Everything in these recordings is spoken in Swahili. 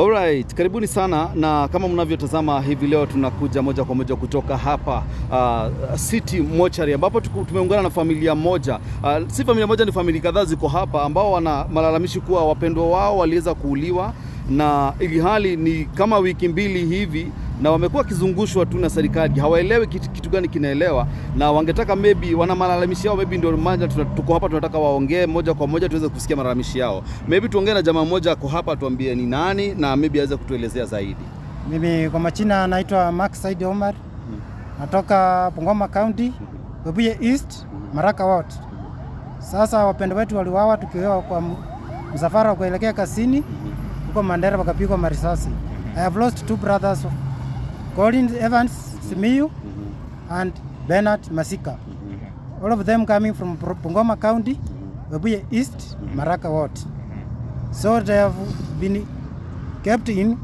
Alright, karibuni sana na kama mnavyotazama hivi leo tunakuja moja kwa moja kutoka hapa uh, City Mochari ambapo tumeungana na familia moja uh, si familia moja, ni familia kadhaa ziko hapa ambao wana malalamishi kuwa wapendwa wao waliweza kuuliwa na ili hali ni kama wiki mbili hivi na wamekuwa wakizungushwa tu na serikali, hawaelewi kitu, kitu gani kinaelewa, na wangetaka maybe, wana malalamishi yao maybe, ndio maana tuko hapa, tunataka waongee moja kwa moja tuweze kusikia malalamishi yao. Maybe tuongee na jamaa mmoja ako hapa, tuambie ni nani na maybe aweze kutuelezea zaidi. Mimi kwa majina naitwa Max Said Omar, hmm. natoka Bungoma County, mm-hmm. Webuye East, mm-hmm. Maraka Ward. Sasa wapendo wetu waliwawa tukiwewa kwa msafara wa kuelekea kasini mm-hmm. huko Mandera, wakapigwa marisasi. I have lost two brothers Colin Evans mhm. Simiyu mhm. and Bernard Masika. Mhm. All of them coming from Bungoma County, Webuye East, Maraka Ward. So they have been kept in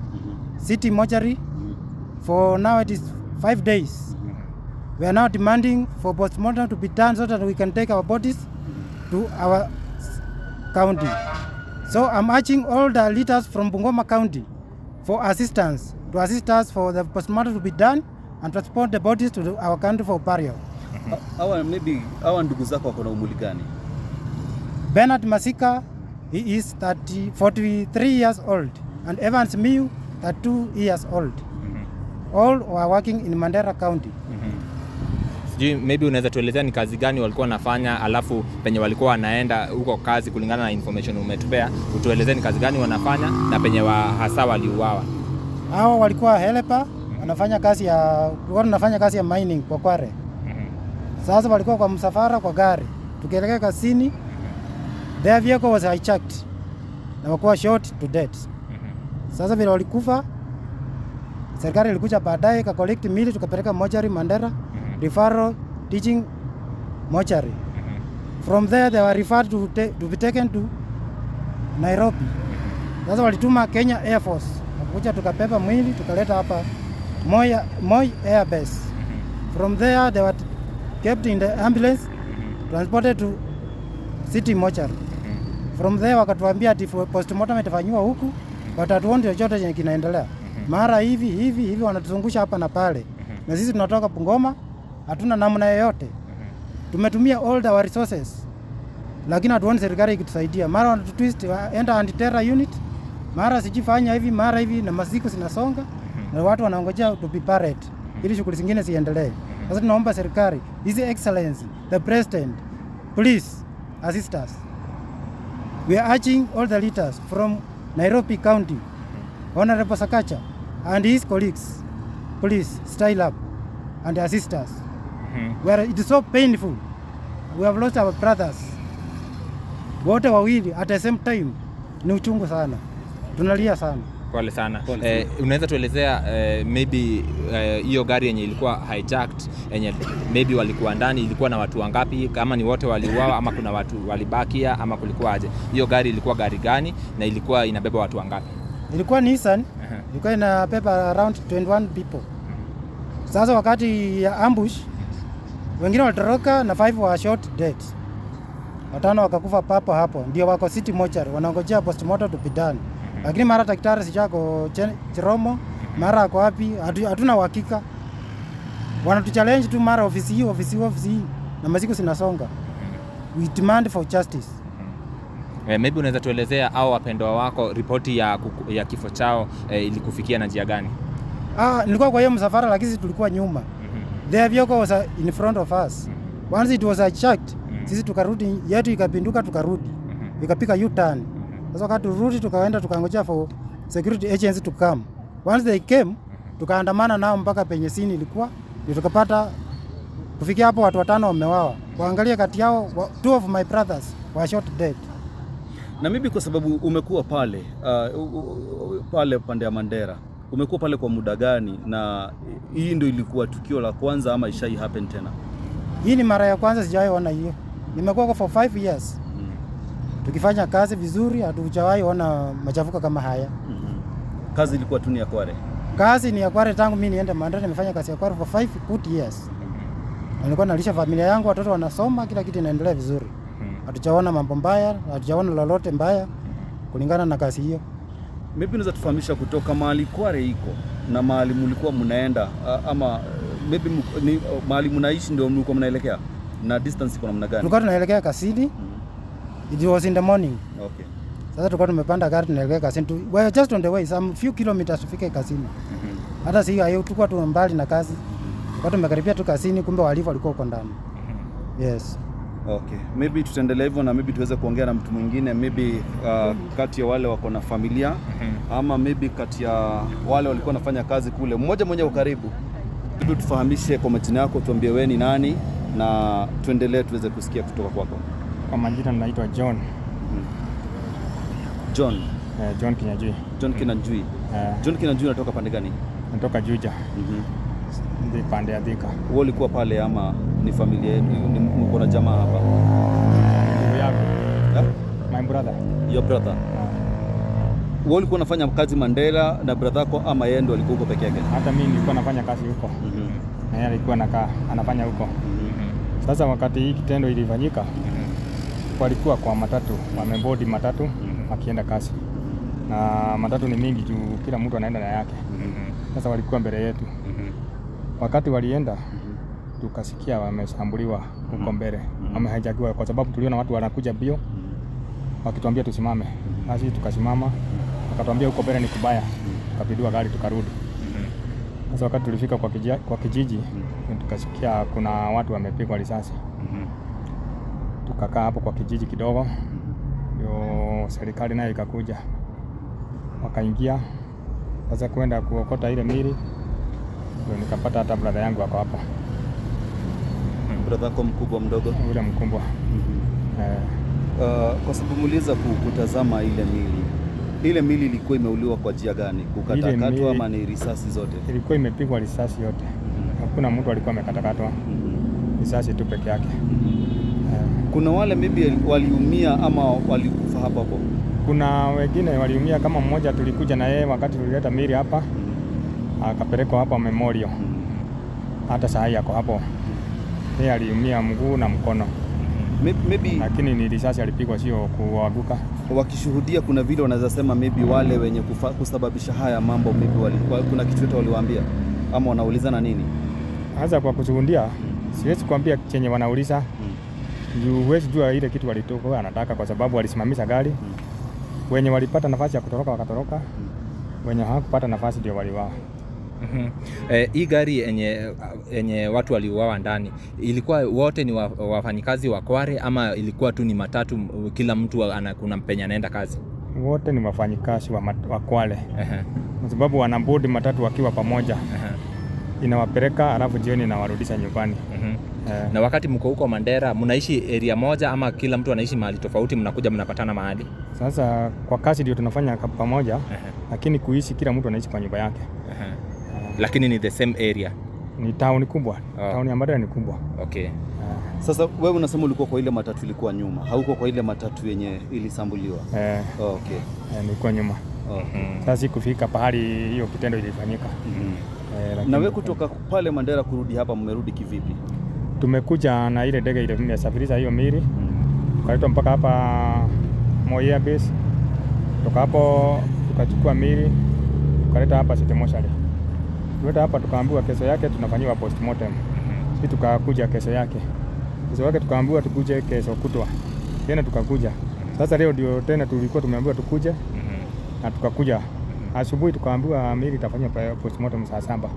city mortuary for now it is five days. We are now demanding for postmortem to be done so that we can take our bodies to our county. So I'm urging all the leaders from Bungoma County for assistance to assist us for the postmortem to be done and transport the bodies to our country for burial. Hawa maybe hawa ndugu zako wako na umri gani? Bernard Masika he is 30, 43 years old and Evans Miu 32 years old. Mm -hmm. All were working in Mandera County. Mm -hmm. Sijui maybe unaweza tuelezea ni kazi gani walikuwa wanafanya, alafu penye walikuwa wanaenda huko kazi, kulingana na information umetupea, utuelezee ni kazi gani wanafanya na penye wa hasa waliuawa hao walikuwa helper mm-hmm. wanafanya kazi ya wanafanya kazi ya mining kwa Kware. Mm-hmm. Sasa walikuwa kwa msafara kwa gari tukielekea kasini, mm-hmm. their vehicle was hijacked na wakuwa shot to death. Sasa vile walikufa, serikali ilikuja baadaye ka collect mili tukapeleka mochari Mandera referral teaching mochari. From there they were referred to, to be taken to Nairobi. Sasa walituma Kenya Air Force kuja tukabeba mwili tukaleta hapa Moi, Moi Air Base. From there they were kept in the ambulance transported to city mortuary. From there wakatuambia ati postmortem itafanywa huku, but hatuoni chochote chenye kinaendelea. Mara hivi hivi hivi wanatuzungusha hapa na pale, na sisi tunatoka Bungoma, hatuna namna yoyote. Tumetumia all our resources, lakini hatuoni serikali ikitusaidia. Mara wanatutwist, enter anti terror unit mara sijifanya hivi mara hivi, na masiku zinasonga mhm. na watu wanaongojea to be buried mhm. ili shughuli zingine ziendelee. Mhm. Sasa tunaomba serikali, His Excellency the President, please assist us. We are urging all the leaders from Nairobi County, Honorable Sakacha and his colleagues, please style up and assist us. Hmm. Where it is so painful. We have lost our brothers. Wote wawili at the same time ni uchungu sana tunalia sana. Pole sana. Pole eh, unaweza tuelezea eh, maybe eh, hiyo eh, gari yenye ilikuwa hijacked yenye maybe walikuwa ndani ilikuwa na watu wangapi? Kama ni wote waliuawa ama kuna watu walibakia ama kulikuwa aje? Hiyo gari ilikuwa gari gani na ilikuwa inabeba watu wangapi? Ilikuwa Nissan. Uh -huh. Ilikuwa inabeba around 21 people. Sasa wakati ya ambush wengine walitoroka na five wa shot dead, watano wakakufa papo hapo, ndio wako city mortuary wanangojea postmortem done lakini mara daktari sijako Chiromo, mara ako wapi, hatuna uhakika. Wanatuchallenge tu mara ofisi hii ofisi hii ofisi hii, na masiku sinasonga. We demand for justice. Eh, maybe unaweza tuelezea au wapendwa wako ripoti ya, ya kifo chao eh, ilikufikia na njia gani? Ah, nilikuwa kwa hiyo msafara lakini tulikuwa nyuma. Mm -hmm. Their vehicle was uh, in front of us. Mhm. Once it was checked, mm -hmm. Sisi tukarudi yetu ikapinduka tukarudi. Mm -hmm. Ikapika U-turn. Mm-hmm. Sasa kati turudi tukaenda tukangojea for security agency to come. Once they came, tukaandamana nao mpaka penye sini ilikuwa, ndio tukapata kufikia hapo watu watano wamewawa. Waangalia kati yao two of my brothers were shot dead. Na mimi kwa sababu umekuwa pale uh, pale pande ya Mandera umekuwa pale kwa muda gani? Na hii ndio ilikuwa tukio la kwanza ama ishai happen tena? Hii ni mara ya kwanza, sijawahi ona hiyo. Nimekuwa kwa for 5 years tukifanya kazi vizuri, hatujawahi ona machafuko kama haya. mm -hmm. Kazi ilikuwa tu ni ya kware, kazi ni ya kware tangu mimi niende Mandera, nimefanya kazi ya kware for 5 good years. Mm-hmm. Nilikuwa nalisha familia yangu, watoto wanasoma, kila kitu inaendelea vizuri. Mm-hmm. Hatujaona mambo mbaya, hatujaona lolote mbaya mm-hmm. kulingana na kazi hiyo. Mimi naweza tufahamisha kutoka mahali kware iko na mahali mlikuwa mnaenda ama eh, maybe oh, mahali mnaishi ndio mlikuwa mnaelekea na distance iko namna gani? Tulikuwa tunaelekea Kasidi. mm -hmm. It was in the morning. Okay. Sasa tulikuwa tumepanda gari tunaelekea Kasini We were just on the way some few kilometers tufike Kasini. Mm-hmm. Hata mm -hmm. si hiyo tulikuwa tu mbali na kazi. Tulikuwa tumekaribia tu Kasini kumbe walifu walikuwa huko ndani. Mm-hmm. Yes. Okay. Maybe tutaendelea hivyo na maybe tuweze kuongea na mtu mwingine maybe uh, kati ya wale wako na familia mm-hmm. ama maybe kati ya wale walikuwa wanafanya kazi kule. Mmoja mwenye ukaribu. Tufahamishe kwa majina yako, tuambie wewe ni nani na tuendelee tuweze kusikia kutoka kwako kwa majina naitwa John. Hmm. John. Eh, John Kinyanjui. John Kinyanjui. Eh. John Kinyanjui anatoka pande gani? Anatoka Juja. Mhm. Ndio pande ya Thika. Wewe ulikuwa pale ama ni familia yenu? Ni Mko na jamaa hapa? Ndugu yako. My brother. Your brother. Uh. Wewe ulikuwa unafanya kazi Mandela na brother yako ama yeye ndo alikuwa huko peke yake? Hata mimi nilikuwa nafanya kazi huko. Mhm. Na yeye alikuwa anakaa anafanya huko. Mhm. Sasa wakati hii kitendo ilifanyika, mhm walikuwa kwa matatu, wamebodi matatu wakienda mhm. kasi, na matatu ni mingi juu kila mtu anaenda na yake. Mhm. Sasa walikuwa mbele yetu, mhm. wakati walienda tukasikia wameshambuliwa huko mbele, wamehajakiwa kwa sababu tuliona watu wanakuja bio wakituambia tusimame, basi tukasimama, wakatuambia huko mbele ni kubaya, tukapindua gari tukarudi. Sasa wakati tulifika kwa kijiji, kwa kijiji tukasikia kuna watu wamepigwa risasi tukakaa hapo kwa kijiji kidogo, ndio serikali nayo ikakuja, wakaingia sasa kwenda kuokota ile mili, ndio nikapata hata brada yangu ako hapo. Brada yako mkubwa mdogo? Yule mkubwa. mm -hmm. Eh. Uh, kwa sababu muliweza kutazama ile mili ile mili ilikuwa imeuliwa kwa njia gani? Kukatakatwa ama ni risasi zote? Ilikuwa imepigwa risasi yote, mm-hmm. hakuna mm -hmm. mtu alikuwa amekatakatwa, mm -hmm. risasi tu peke yake. mm -hmm. Kuna wale maybe waliumia ama walikufa hapa hapo? Kuna wengine waliumia, kama mmoja tulikuja na yeye wakati tulileta mili hapa, akapelekwa hapa memorial, hata saa hii ako hapo. Yeye aliumia mguu na mkono maybe, lakini ni risasi alipigwa, sio kuaguka. Wakishuhudia, kuna vile wanaweza sema maybe wale wenye kufa, kusababisha haya mambo maybe wali, kuna kitu chote waliwaambia ama wanaulizana nini? Hasa kwa kushuhudia, siwezi kuambia chenye wanauliza hmm juu huwezi jua ile kitu walitoka anataka, kwa sababu walisimamisha gari mm. wenye walipata nafasi ya kutoroka wakatoroka wenye mm. wenye hawakupata nafasi ndio waliwaa. Mm-hmm. Eh, hii gari yenye, watu waliuawa ndani ilikuwa wote ni wafanyikazi wa Kware ama ilikuwa tu ni matatu, kila mtu kuna mpenya anaenda kazi? Wote ni wafanyikazi wa, wa Kware kwa sababu wanabodi matatu wakiwa pamoja inawapeleka alafu jioni inawarudisha nyumbani. mm -hmm. yeah. Na wakati mko huko Mandera mnaishi area moja ama kila mtu anaishi mahali tofauti, mnakuja mnapatana mahali? Sasa kwa kazi ndio tunafanya pamoja. uh -huh. Lakini kuishi kila mtu anaishi kwa nyumba yake. uh -huh. uh, lakini ni the same area, ni town kubwa. oh. Town ya Mandera ni kubwa. Okay. Eh. Sasa wewe unasema ulikuwa kwa ile matatu ilikuwa nyuma, hauko kwa ile matatu yenye ilisambuliwa? Eh. Oh, okay. Eh, nilikuwa nyuma. oh. mm -hmm. Sasa sikufika pahali hiyo kitendo ilifanyika. mm -hmm. E, na wewe kutoka pale Mandera kurudi hapa mmerudi kivipi? Tumekuja na ile ndege ile imesafirisha hiyo mili tukaletwa mpaka hapa Moyea base, toka hapo tukachukua mili tukaleta hapa City Mortuary, tuleta hapa tukaambiwa kesho yake tunafanyiwa postmortem. Sisi tukakuja kesho yake, kesho yake tukaambiwa tukuje kesho kutwa tena, tukakuja sasa. Leo ndio tena tulikuwa tumeambiwa tukuje na tukakuja Asubuhi tukaambiwa mili itafanywa postmortem saa saba,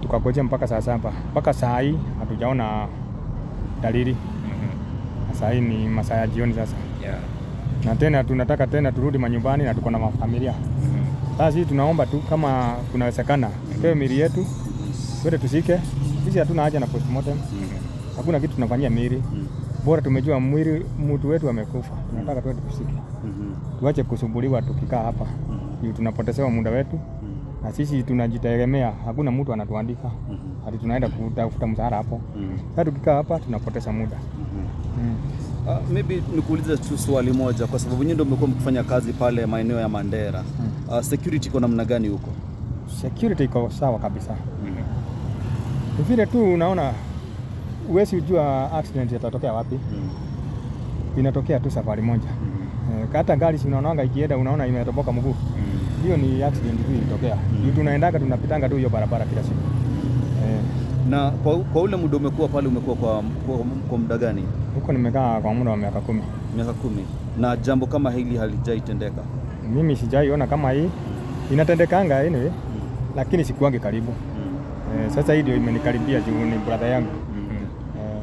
tukagoja mpaka saa saba, mpaka saa hii hatujaona dalili. Saa hii ni masaa ya jioni sasa, yeah. Na tena tunataka tena turudi manyumbani na tuko na mafamilia sasa. Hii tunaomba tu kama kunawezekana, tupewe mili yetu twende tusike. Sisi hatuna haja na postmortem, hakuna kitu tunafanyia mili bora tumejua mwili mtu wetu amekufa, tunataka twende tusike, mm-hmm. tuache kusumbuliwa tukikaa hapa juu tunapotesewa muda wetu na sisi tunajitegemea, hakuna mtu anatuandika mm -hmm. hadi tunaenda kutafuta msaada hapo mm -hmm. sasa tukikaa hapa tunapoteza muda mhm. mm -hmm. mm. Uh, maybe nikuulize tu swali moja kwa sababu nyinyi ndio mmekuwa mkifanya kazi pale maeneo ya Mandera mm. uh, security iko namna gani huko? Security iko sawa kabisa mm -hmm. vile tu unaona uwezi ujua accident yatatokea wapi mm. inatokea tu safari moja mm gari si unaonanga ikienda unaona imetoboka mguu mm hiyo ni accident hii ilitokea. Mm. Tunaendaga tunapitanga tu hiyo barabara kila siku. Eh. Na kwa, kwa ule muda umekuwa pale umekuwa kwa, kwa, kwa muda gani? Huko nimekaa kwa muda wa miaka kumi. Miaka kumi. Na jambo kama hili halijaitendeka? Mimi sijaiona kama hii hmm. inatendekanga anyway, mm. lakini sikuange karibu mm. Eh, sasa hii ndio imenikaribia juu ni brother yangu mm. Eh.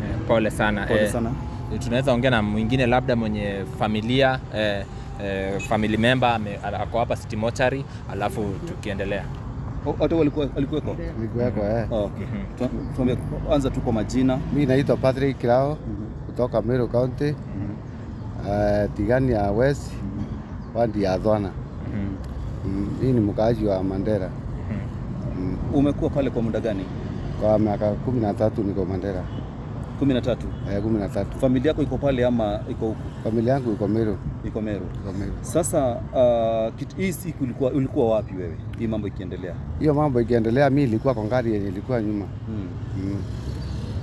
Eh, pole sana, pole eh, sana. Eh, tunaweza ongea na mwingine labda mwenye familia eh, Eh, family member ako hapa City Mortuary, alafu tukiendelea wote walikuwa walikuweko walikuweko eh. Oh, okay Tuambie anza tu kwa majina. Mimi naitwa Patrick Kirao kutoka Meru County. Uh, Tigani ya West wadi ya Dhwana. Hii ni mkaaji wa Mandera. Umekuwa pale kwa muda gani? Kwa miaka kumi na tatu niko Mandera kumi na tatu. Eh, kumi na tatu. Familia yako iko pale ama iko huko? Familia yangu iko Meru. Iko Meru. Iko Meru. Sasa uh, hii siku ulikuwa, ulikuwa wapi wewe hii mambo ikiendelea? Hiyo mambo ikiendelea, mimi ilikuwa kwa ngari yenye ilikuwa nyuma Mm. Mm.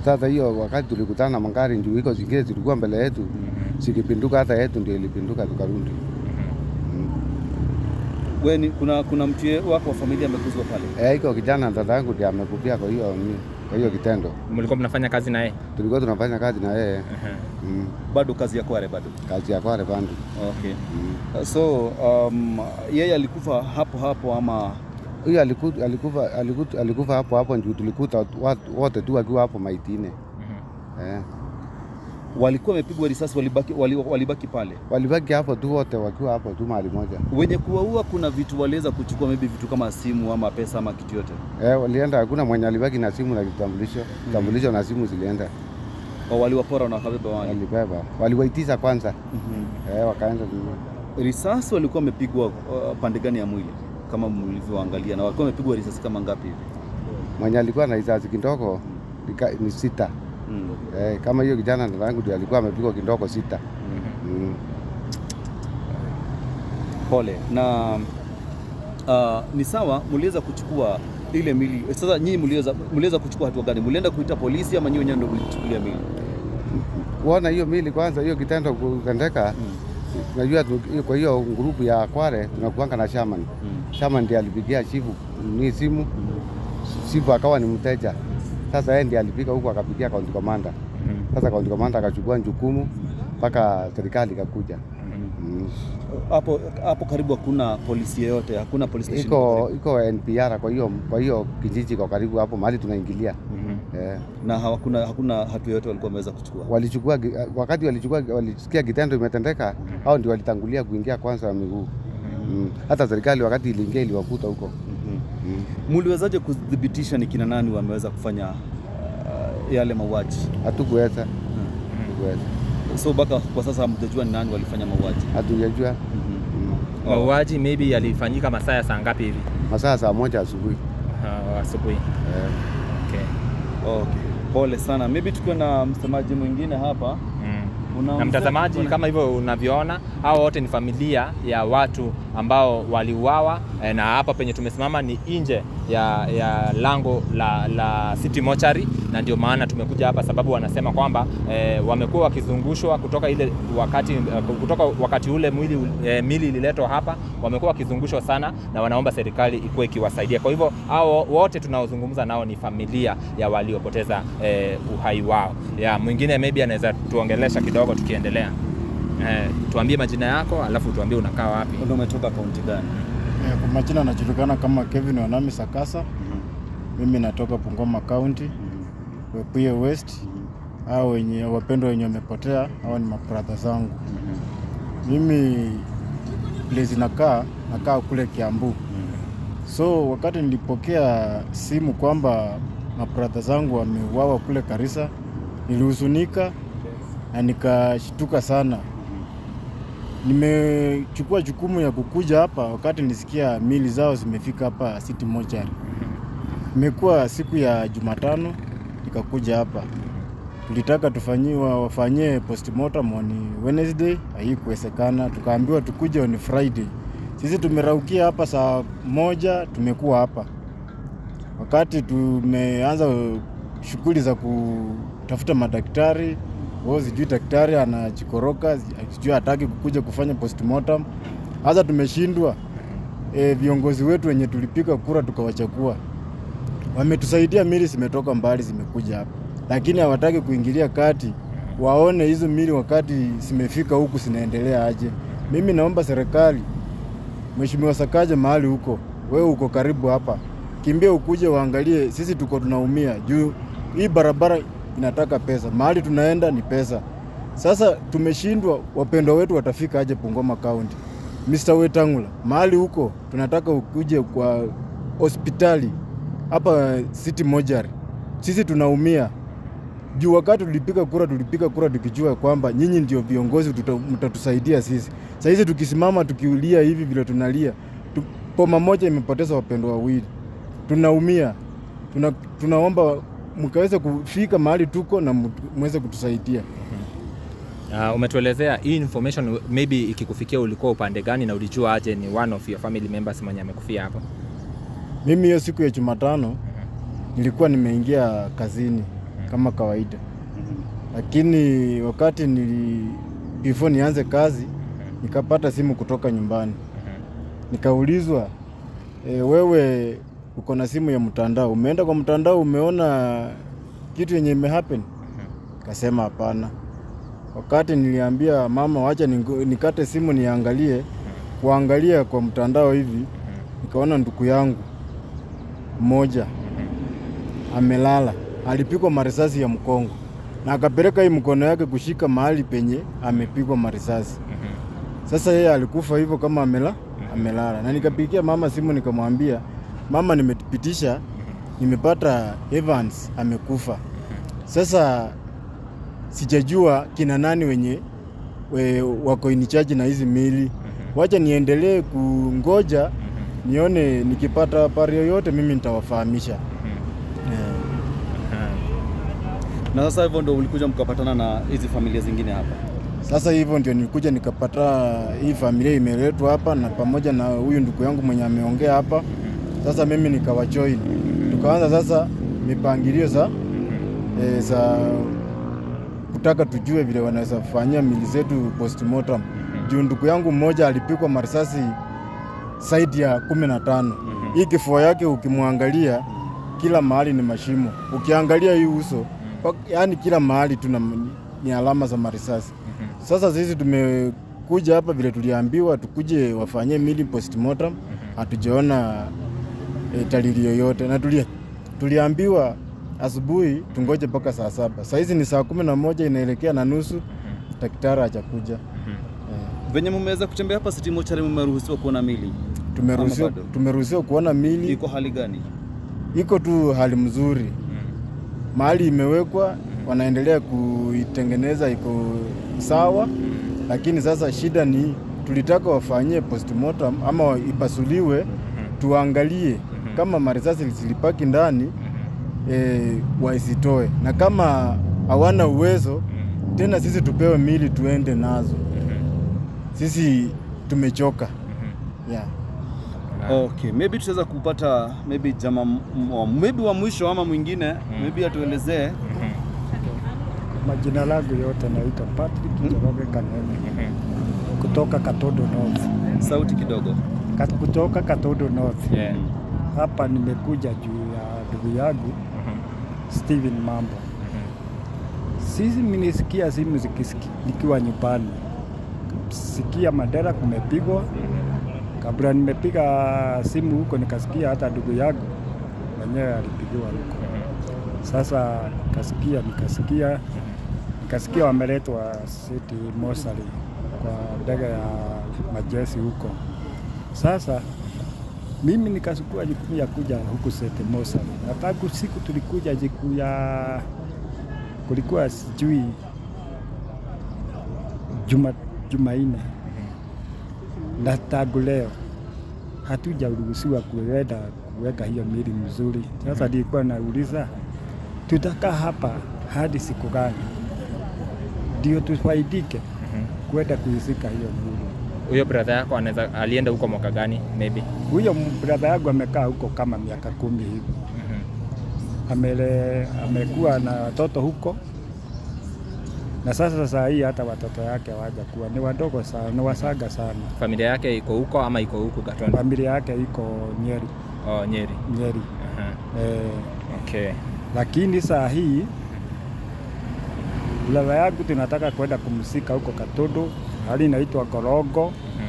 Sasa hiyo wakati tulikutana na mangari njuu iko zingine zilikuwa mbele yetu hmm. Sikipinduka hata yetu ndio ilipinduka tukarudi. Hmm. Hmm. Wewe kuna, kuna mtu wako wa familia amekuzwa pale? Eh, iko kijana dada yangu ndiye amekupia kwa hiyo mimi kwa hiyo kitendo. Mlikuwa mnafanya kazi na yeye? Tulikuwa tunafanya kazi na yeye. Uh-huh. Mm. Bado kazi ya kware bado. Kazi ya kware bado. Okay. Mm. So um, yeye alikufa hapo hapo ama huyo alikufa, alikufa, alikufa, alikufa hapo hapo ndio tulikuta wote tu wakiwa hapo maitine. Uh-huh. Eh walikuwa wamepigwa risasi, walibaki, walibaki pale, walibaki hapo tu wote wakiwa hapo tu mahali moja. Wenye kuwaua kuna vitu waliweza kuchukua, maybe vitu kama simu ama pesa ama kitu yote. Eh, walienda, hakuna mwenye alibaki na simu na kitambulisho. Kitambulisho hmm. na simu zilienda waliwapora na wakabeba wale, walibeba, waliwaitiza kwanza. mm -hmm. Eh, wakaenda risasi. Walikuwa wamepigwa uh, pande gani ya mwili kama mlivyoangalia? Na walikuwa wamepigwa risasi kama ngapi hivi? Mwenye alikuwa na risasi kidogo ni sita mm. Eh, kama hiyo kijana dada yangu alikuwa amepigwa kindoko sita. mm. Mm. Pole na uh, ni sawa, mliweza kuchukua ile mili. Sasa nyinyi mliweza mliweza kuchukua hatua gani? Mlienda kuita polisi ama nyinyi wenyewe ndio mlichukulia mili? Kuona hiyo mili kwanza, hiyo kitendo kutendeka mm. Unajua, kwa hiyo grupu ya Kware tunakuanga na shaman. Mm. Shaman ndiye alipigia chifu ni simu. Mm. Chifu akawa ni mteja. Sasa yeye ndiye alifika huko akapitia county commander. Mhm. Sasa county commander akachukua jukumu mpaka serikali ikakuja mhm. hapo hapo karibu hakuna polisi yoyote, hakuna police station iko iko NPR. Kwa hiyo kwa hiyo kijiji kwa karibu hapo mahali tunaingilia. mm -hmm. yeah. na hakuna hakuna hatua yoyote walikuwa wameweza kuchukua, walichukua wakati walichukua, walisikia kitendo imetendeka. mm -hmm. hao ndio walitangulia kuingia kwanza wa miguu. mm -hmm. mm. hata serikali wakati iliingia iliwakuta huko. Mm-hmm. Muliwezaje kudhibitisha ni kina nani wameweza kufanya uh, yale mauaji? Hatukuweza. hmm. Hatukuweza. So mpaka kwa sasa hamjajua ni nani walifanya mauaji? Hatujajua. mm -hmm. Mauaji maybe yalifanyika masaa ya saa ngapi hivi? Masaa saa moja asubuhi. Uh, asubuhi. Yeah. Okay. Okay. Pole sana. Maybe tukiwe na msemaji mwingine hapa mm. na mtazamaji, kama hivyo unavyoona, hao wote ni familia ya watu ambao waliuawa e, na hapa penye tumesimama ni nje ya, ya lango la, la City Mochari, na ndio maana tumekuja hapa sababu wanasema kwamba e, wamekuwa wakizungushwa kutoka ile wakati, eh, kutoka wakati ule mwili e, mili ililetwa hapa, wamekuwa wakizungushwa sana, na wanaomba serikali ikuwe ikiwasaidia. Kwa hivyo hao wote tunaozungumza nao ni familia ya waliopoteza e, uhai wao. Ya mwingine maybe anaweza tuongelesha kidogo tukiendelea. Eh, tuambie majina yako alafu tuambie unakaa wapi. Ndio umetoka kaunti gani? Eh, kwa majina anajulikana kama Kevin Wanami Sakasa. Mm-hmm. Mimi natoka Bungoma County, mm-hmm. Webuye West. Mm-hmm. Hao wenye wapendwa wenye wamepotea hao ni mabradha zangu. Mimi place nakaa nakaa kule Kiambu. So wakati nilipokea simu kwamba mabradha zangu wameuawa kule Karisa, nilihuzunika na nikashtuka sana nimechukua jukumu ya kukuja hapa wakati nisikia mili zao zimefika hapa City Mortuary. Imekuwa siku ya Jumatano nikakuja hapa, tulitaka tufanyiwa wafanyie postmortem on Wednesday, haikuwezekana. Tukaambiwa tukuje on Friday. Sisi tumeraukia hapa saa moja, tumekuwa hapa wakati tumeanza shughuli za kutafuta madaktari wao, sijui daktari anachikoroka, sijui hataki kukuja kufanya postmortem. Hasa tumeshindwa e, viongozi wetu wenye tulipiga kura tukawachagua wametusaidia, mili zimetoka mbali zimekuja hapa, lakini hawataki kuingilia kati waone hizo mili wakati zimefika huku zinaendelea aje. Mimi naomba serikali, Mheshimiwa Sakaja, mahali huko wewe uko karibu hapa, kimbia ukuje waangalie, sisi tuko tunaumia juu hii barabara inataka pesa, mahali tunaenda ni pesa. Sasa tumeshindwa, wapendwa wetu watafika aje Bungoma County? Mr. Wetangula, mahali huko tunataka ukuje kwa hospitali hapa City Mojari, sisi tunaumia juu wakati tulipiga kura tulipiga kura tukijua kwamba nyinyi ndio viongozi mtatusaidia sisi. Sasa hizi tukisimama tukiulia hivi vile tunalia, poma moja imepoteza wapendwa wawili, tunaumia tuna, tunaomba mkaweze kufika mahali tuko na muweze kutusaidia. Uh, umetuelezea hii information maybe ikikufikia ulikuwa upande gani na ulijua aje ni one of your family members mwenye amekufia hapo? Mimi hiyo siku ya Jumatano mhm. nilikuwa nimeingia kazini mhm. kama kawaida mhm. lakini wakati nili before nianze kazi nikapata simu kutoka nyumbani nikaulizwa e, wewe uko na simu ya mtandao, umeenda kwa mtandao, umeona kitu yenye imehappen. Hmm. Kasema hapana. Wakati niliambia mama, wacha nikate simu niangalie, hmm. kuangalia kwa mtandao hivi, hmm. nikaona ndugu yangu mmoja amelala, alipigwa marisasi ya mkongo na akapeleka hii mkono yake kushika mahali penye amepigwa marisasi. Sasa yeye alikufa hivyo kama amela amelala, na nikapigia mama simu nikamwambia mama nimepitisha, nimepata Evans amekufa. Sasa sijajua kina nani wenye we, wako in charge na hizi mili. Wacha niendelee kungoja nione, nikipata habari yoyote mimi nitawafahamisha. Eh. Na sasa hivyo ndio ulikuja mkapatana na hizi familia zingine hapa? Sasa hivyo ndio nilikuja nikapata hii familia imeletwa hapa na pamoja na huyu ndugu yangu mwenye ameongea hapa. Sasa mimi nikawajoin, tukaanza sasa mipangilio za e, za kutaka tujue vile wanaweza fanyia mili zetu postmortem juu ndugu yangu mmoja alipikwa marisasi zaidi ya kumi na tano. Hii kifua yake ukimwangalia kila mahali ni mashimo, ukiangalia hii uso, yaani kila mahali tuna ni alama za marisasi. Sasa sisi tumekuja hapa vile tuliambiwa tukuje wafanyie mili postmortem, hatujaona e, dalili yoyote, na tulia tuliambiwa asubuhi tungoje mpaka saa saba. Saa hizi ni saa kumi na moja inaelekea na nusu, mhm. daktari hajakuja. Mhm. Eh. Venye mumeweza kutembea hapa City mmeruhusiwa kuona mili? Tumeruhusiwa, tumeruhusiwa kuona mili. Iko hali gani? Iko tu hali mzuri hmm. Mahali imewekwa hmm. Wanaendelea kuitengeneza iko sawa hmm. Lakini sasa shida ni tulitaka wafanyie postmortem ama ipasuliwe hmm. Tuangalie kama marisasi zilipaki ndani e, eh, waisitoe, na kama hawana uwezo tena, sisi tupewe mili tuende nazo. Sisi tumechoka yeah. Okay, maybe tutaweza kupata maybe jama maybe wa mwisho ama mwingine mm. maybe atuelezee mm -hmm. Majina langu yote naitwa Patrick Njoroge Kanene kutoka Katodo North. Sauti kidogo. Kutoka Katodo North. Yeah hapa nimekuja juu ya ndugu yangu mm -hmm. Steven Mambo mm -hmm. Sisi minisikia simu nikiwa nyumbani, sikia Mandera kumepigwa. Mhm. Kabla nimepiga simu huko, nikasikia hata ndugu yangu mwenyewe alipigiwa huko. Mhm. Sasa nikasikia nikasikia mhm. nikasikia wameletwa City mosali kwa ndege ya majeshi huko sasa mimi nikachukua jukumu ya kuja huku Mosa. Hata siku tulikuja jiku ya kulikuwa sijui juma Jumanne na tangu leo hatujaruhusiwa kuenda kuweka hiyo miri mzuri. Sasa mm-hmm. nilikuwa nauliza tutakaa hapa hadi siku gani ndio tufaidike mm-hmm. kwenda kuizika hiyo mili? huyo brother yako anaweza alienda huko mwaka gani? Maybe huyo brother yangu amekaa huko kama miaka kumi hivi. mm -hmm. Amele, amekuwa na watoto huko na sasa sasa hii hata watoto yake kuwa ni wadogo sana, ni wasaga sana. Familia yake iko huko ama iko huko Gatundu? Familia yake iko Nyeri. Oh, Nyeri. Nyeri. uh -huh. E, eh. okay. Lakini saa hii lava yangu tunataka kwenda kumsika huko Katodo hali inaitwa Korogo mhm.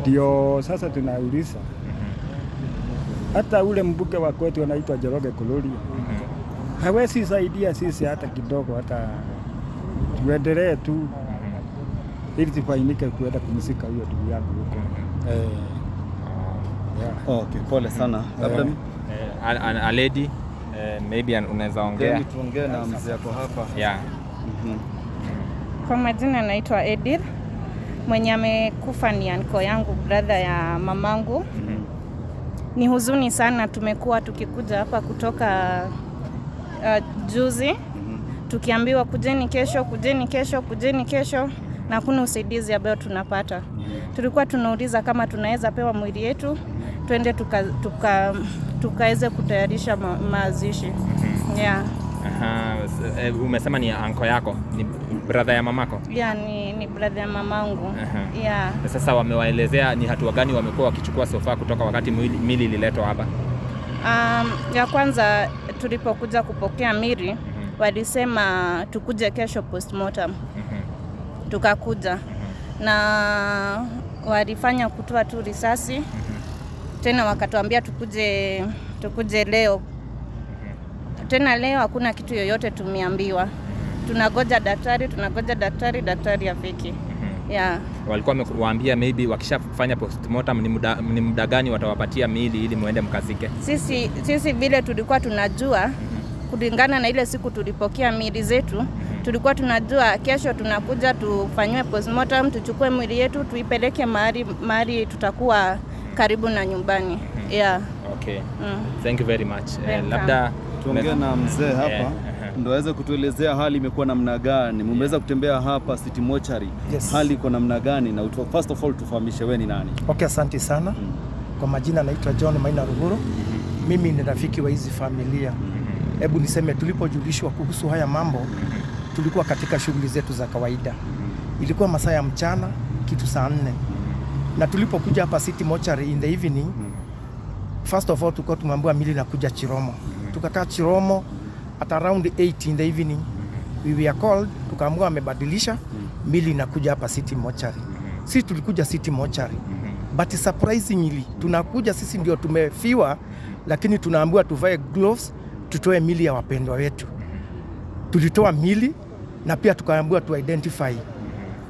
ndio. mm -hmm. Sasa tunauliza mhm. hata mm -hmm. ule mbunge wa kwetu anaitwa Njoroge Kururia mm -hmm. hawezi saidia sisi hata kidogo, hata tuendelee tu mhm. ili tufainike kuenda kumsika huyo ndugu yangu huko eh. Okay, pole sana eh. labda yeah. yeah. an, lady uh, maybe unaweza ongea tuongee na mzee yako hapa yeah. mm -hmm. Kwa majina anaitwa Edith, mwenye amekufa ni anko yangu, brother ya mamangu. Mm-hmm. Ni huzuni sana, tumekuwa tukikuja hapa kutoka uh, juzi mm-hmm. tukiambiwa kujeni kesho, kujeni kesho, kujeni kesho na hakuna usaidizi ambayo tunapata. Mm-hmm. Tulikuwa tunauliza kama tunaweza pewa mwili yetu twende tukaweze tuka, tuka kutayarisha ma, mazishi yeah. Aha, eh, umesema ni anko yako ni bradha ya mamako? Yeah, ni, ni brother ya mamangu. uh-huh. Yeah. Sasa wamewaelezea ni hatua gani wamekuwa wakichukua sofa kutoka wakati mili ililetwa hapa? Um, ya kwanza tulipokuja kupokea miri mhm. walisema tukuje kesho postmortem mm -hmm. tukakuja mhm. na walifanya kutoa tu risasi mhm. tena wakatuambia tukuje, tukuje leo tena leo hakuna kitu yoyote tumeambiwa tunagoja daktari, tunagoja daktari, daktari hafiki. Mhm. yeah. walikuwa wamewaambia maybe wakishafanya postmortem ni muda, ni muda gani watawapatia miili ili muende mkazike? Sisi sisi vile tulikuwa tunajua mm-hmm. kulingana na ile siku tulipokea miili zetu mm-hmm. tulikuwa tunajua kesho tunakuja tufanyiwe postmortem, tuchukue mwili yetu tuipeleke mahali mahali tutakuwa mhm. karibu na nyumbani. mm-hmm. yeah. Okay. Mm. Thank you very much. Uh, labda tuongee na mzee hapa yeah. Ndo aweze kutuelezea hali imekuwa namna gani, mmeweza yeah. kutembea hapa City Mortuary yes. hali iko namna gani na utu, first of all tufahamishe wewe ni nani? Okay, asante sana mm. Kwa majina naitwa John Maina Ruhuru mm -hmm. Mimi ni rafiki wa hizi familia mm -hmm. Hebu niseme tulipojulishwa kuhusu haya mambo mm-hmm. tulikuwa katika shughuli zetu za kawaida mm-hmm. Ilikuwa masaa ya mchana kitu saa nne na tulipokuja hapa City Mortuary in the evening mm -hmm. First of all tulikuwa tumeambiwa mili kuja Chiromo tukakaa Chiromo at around 8 in the evening we were called, tukaamua amebadilisha mm-hmm. mili inakuja hapa city mochari. Mm-hmm. Sisi tulikuja city mochari, mm-hmm. but surprisingly tunakuja sisi ndio tumefiwa, lakini tunaambiwa tuvae gloves tutoe mili ya wapendwa wetu. Tulitoa mili na pia tukaambiwa tu identify.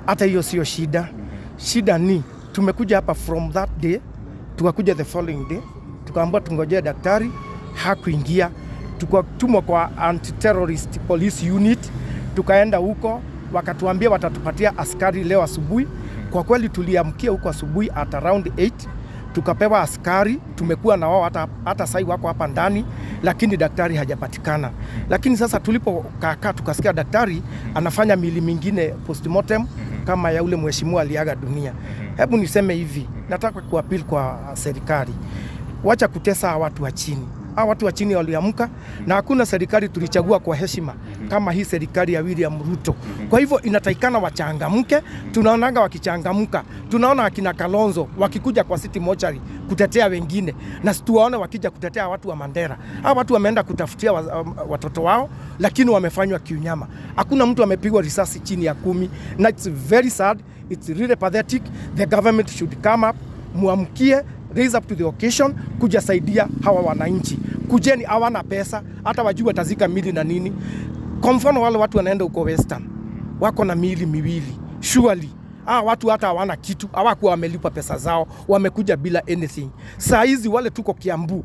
Hata hiyo sio shida, shida ni tumekuja hapa from that day, tukakuja the following day tukaambiwa tungojee daktari hakuingia. Tukatumwa kwa anti-terrorist police unit, tukaenda huko, wakatuambia watatupatia askari leo asubuhi. Kwa kweli tuliamkia huko asubuhi at around 8 tukapewa askari, tumekuwa na wao hata, hata sai wako hapa ndani, lakini daktari hajapatikana. Lakini sasa tulipokaa tukasikia daktari anafanya mili mingine postmortem kama ya ule mheshimiwa aliaga dunia. Hebu niseme hivi, nataka kuapil kwa serikali, wacha kutesa watu wa chini hawa watu wa chini waliamka, na hakuna serikali tulichagua kwa heshima kama hii serikali ya William Ruto. Kwa hivyo inatakikana wachangamke, tunaonanga wakichangamka, tunaona akina Kalonzo wakikuja kwa City Mochari kutetea wengine, na situwaone wakija kutetea watu wa Mandera. Hawa watu wameenda kutafutia um, watoto wao, lakini wamefanywa kiunyama. Hakuna mtu amepigwa risasi chini ya kumi, na it's very sad, it's really pathetic. The government should come up, muamkie raise up to the occasion kujasaidia hawa wananchi. Kujeni, hawana pesa hata wajui watazika mili na nini. Kwa mfano wale watu wanaenda huko Western wako na mili miwili surely Ah, watu hata hawana kitu, hawakuwa wamelipa pesa zao, wamekuja bila anything. Saa hizi wale tuko Kiambu,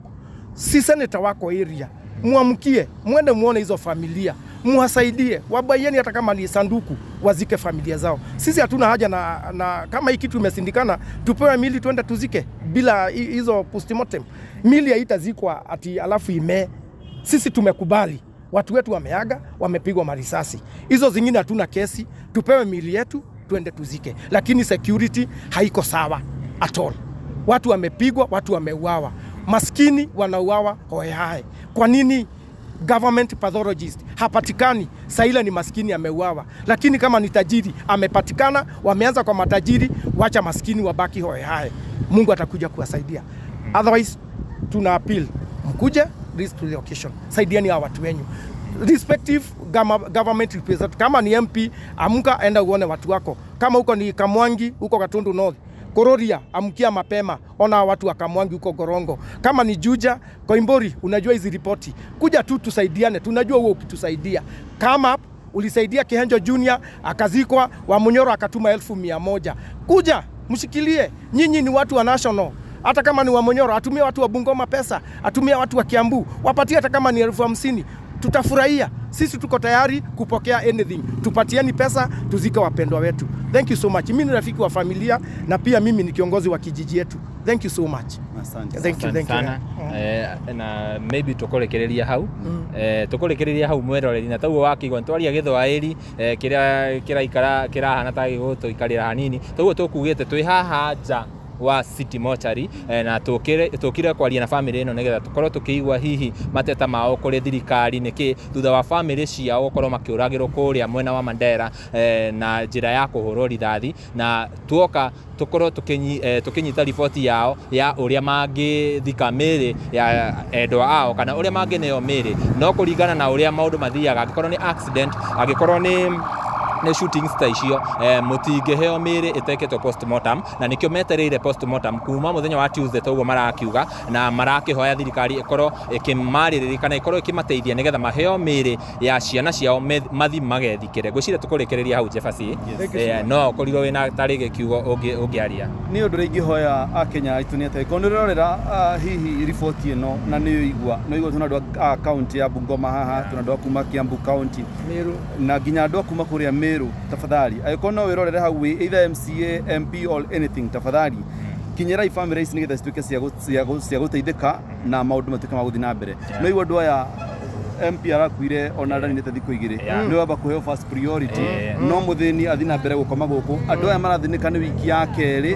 si seneta wako area, mwamkie, mwende muone hizo familia muwasaidie, wabaieni hata kama ni sanduku, wazike familia zao. Sisi hatuna haja na, na kama hii kitu imesindikana, tupewe mili tuende tuzike bila hizo postmortem. Mili haitazikwa ati alafu imee. Sisi tumekubali watu wetu wameaga, wamepigwa marisasi. Hizo zingine hatuna kesi, tupewe mili yetu tuende tuzike, lakini security haiko sawa at all. Watu wamepigwa, watu wameuawa, maskini wanauawa hoehae Kwa nini? government pathologist hapatikani. Saila ni maskini ameuawa, lakini kama ni tajiri amepatikana. Wameanza kwa matajiri, wacha maskini wabaki hoehae. Mungu atakuja kuwasaidia, hmm. otherwise tuna appeal mkuja this to the occasion, saidiani hawa watu wenyu respective government representative. Kama ni MP, amka enda uone watu wako. Kama huko ni Kamwangi, huko Katundu North kororia amkia mapema, ona watu wa Kamwangi huko Gorongo, kama ni Juja, Koimbori, unajua hizi ripoti, kuja tu tusaidiane, tunajua wewe ukitusaidia kama ulisaidia Kihenjo Junior akazikwa, Wamunyoro akatuma elfu mia moja kuja mshikilie. Nyinyi ni watu wa national hata kama ni Munyoro atumie watu wa Bungoma pesa, atumie watu wa Kiambu wapatie, hata kama ni elfu hamsini tutafurahia. Sisi tuko tayari kupokea anything, tupatieni pesa tuzike wapendwa wetu. Thank you so much. Mimi ni rafiki wa familia na pia mimi ni kiongozi wa kijiji yetu. Thank you so much. Asante. Thank you, thank you. Sana. Eh, na maybe tukorekereria hau mm. eh tukorekereria hau mweroreri na tauo wa kigo ntwaria githwairi eh kira kira ikara kira hana ta gigutu ikarira hanini Tawo tukugite twi haha nja wa City Mortuary eh, na tukire kwaria na family ino nigetha tukorwo tukiigua hihi mateta mao kuri thirikari niki thutha wa family ciao korwo makiuragirwo kuria mwena wa Mandera eh, na njira ya kuhurwo rithathi na tuoka tukorwo tukinyita eh, riboti yao ya uria mangithika miri ya endwa ao kana uria mangineo miri no kuringana na uria maundu mathiaga angikorwo ni accident angikorwo ni nĩ shooting star icio eh, mũtingĩheo mĩĩrĩ ĩtekĩtwo postmortem na nĩkĩo metereire postmortem kuma muthenya wa Tuesday ta ũguo marakiuga na marakĩhoya thirikari ĩkorwo ĩkĩmarĩrĩria kana ĩkorwo ĩkĩmateithia nĩgetha maheo mĩĩrĩ ya ciana ciao mathi magethikire ngwĩciria tũkũrĩkĩrĩria hau jebaci eh, no ũkorirwo wĩna tarĩ gĩkiugo ũngĩaria nĩ ũndũ rĩ ingĩhoya akenya aitũ nĩ atĩ korwo nĩ ũrorera ah, hihi riboti ĩno na nĩ igwa no igwa tuna ndu a ya Bungoma haha tuna ndu kuma Kiambu kaunti na ginya ndu kuma kuria kũrĩa Meru tafadhali angĩkorwo no rorere hau either MCA MP or anything tafadhali kinyirai family ici nigetha cituĩke cia gũteithĩka na matuä ke ma thiä na mbere no iu andå aya MP arakuire ona ndaninite igä rä nä wamba kuheo first priority no muthini athi na mbere gå kå andå aya ka nä wiki ya kerĩ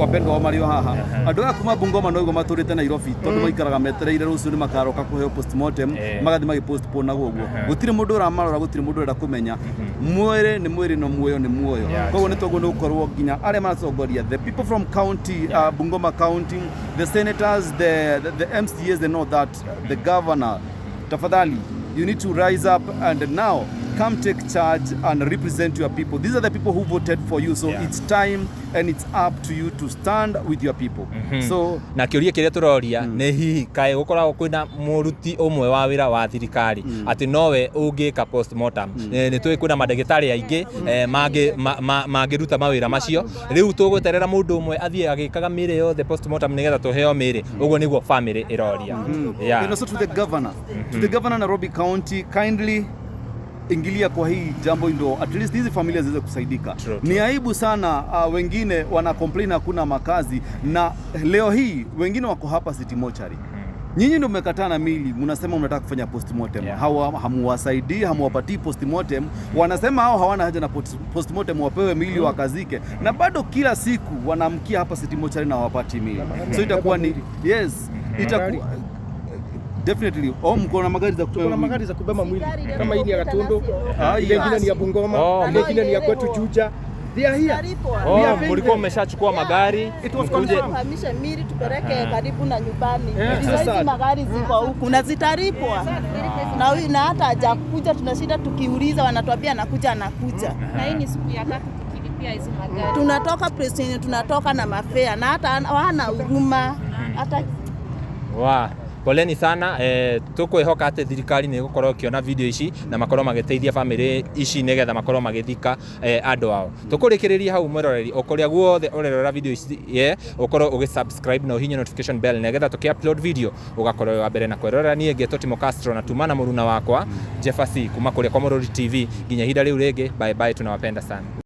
wapendwa marä o haha andå aya kuma bungoma noguo matå rä te nairobi tondå mm. maikaraga metereire rå cio nä makaroka kå heo eh. magathiä magathi magä naguo guo gå tirä må ndå å ramarora gå tirä må ndå å renda kå menya mwä mm-hmm. rä nä mwä rä no muoyo nä muoyo koguo nä toguo nä gå korwo nginya arä a maratongoria the people from county uh, bungoma county the senators the, the, the mcas they know that the governor tafadhali you need to rise up and now come take charge and represent your people. These are the people who voted for you so yeah. it's time and it's up to you to stand with your people. Mm -hmm. So na kiuria kiria turoria mm. ni hihi kae gukoragwo kwina muruti umwe wa wira wa thirikari mm. ati nowe ungika postmortem mm. ni twi kwina madagitari aingi mangiruta mawira macio riu tugweterera mundu umwe athie agikaga mire yothe postmortem nigetha tuheo mire uguo niguo family iroria yeah. And also to the governor, mm -hmm. to the mm-hmm. governor Nairobi County kindly ingilia kwa hii jambo ndo at least hizi familia ziweze kusaidika. True, true. Ni aibu sana uh, wengine wana complain hakuna makazi, na leo hii wengine wako hapa City Mortuary hmm. Nyinyi ndio mmekataa na mili, mnasema mnataka kufanya postmortem yeah. Hawa hamuwasaidii, hamuwapatii postmortem. Wanasema hao hawana haja na postmortem, wapewe mili mm. wakazike, na bado kila siku wanaamkia hapa City Mortuary na hawapati mili, so itakuwa ni yes, itakuwa Definitely. Oh, mko na magari za kutoa. Kuna magari za kubeba mwili kama hii ah, ni ya Gatondo, oh, ile nyingine ni ya Bungoma, ile nyingine ni ya kwetu Juja. They are here. Oh, mlikuwa mmeshachukua magari It was kuhamisha miri tupeleke eh. karibu na nyumbani. Hizo magari ziko ah, huku na zitaripwa na na hata hajakuja, tunashinda tukiuliza, wanatuambia anakuja, anakuja. Uh-huh. Na hii ni siku ya tatu tukilipia hizo magari, tunatoka presini, tunatoka na mafea na hata wana huruma hmm. hata wow poleni sana eh, tukwihoka ati thirikari ni gukorwo ikiona video ici na makorwo magiteithia family ici nigetha makorwo magithika eh, andu ao tukurikireria hau mwiroreri ukuria guothe urerora video ici ye ukorwo ugi subscribe na uhinyo notification bell nigetha tuki upload video ugakorwo wa mbere na kwirorera nie ngeto Timo Castro na tumana muruna wakwa Jefasi kuma kuria kwa Mururi TV nginya ihinda riu ringi bye bye tunawapenda sana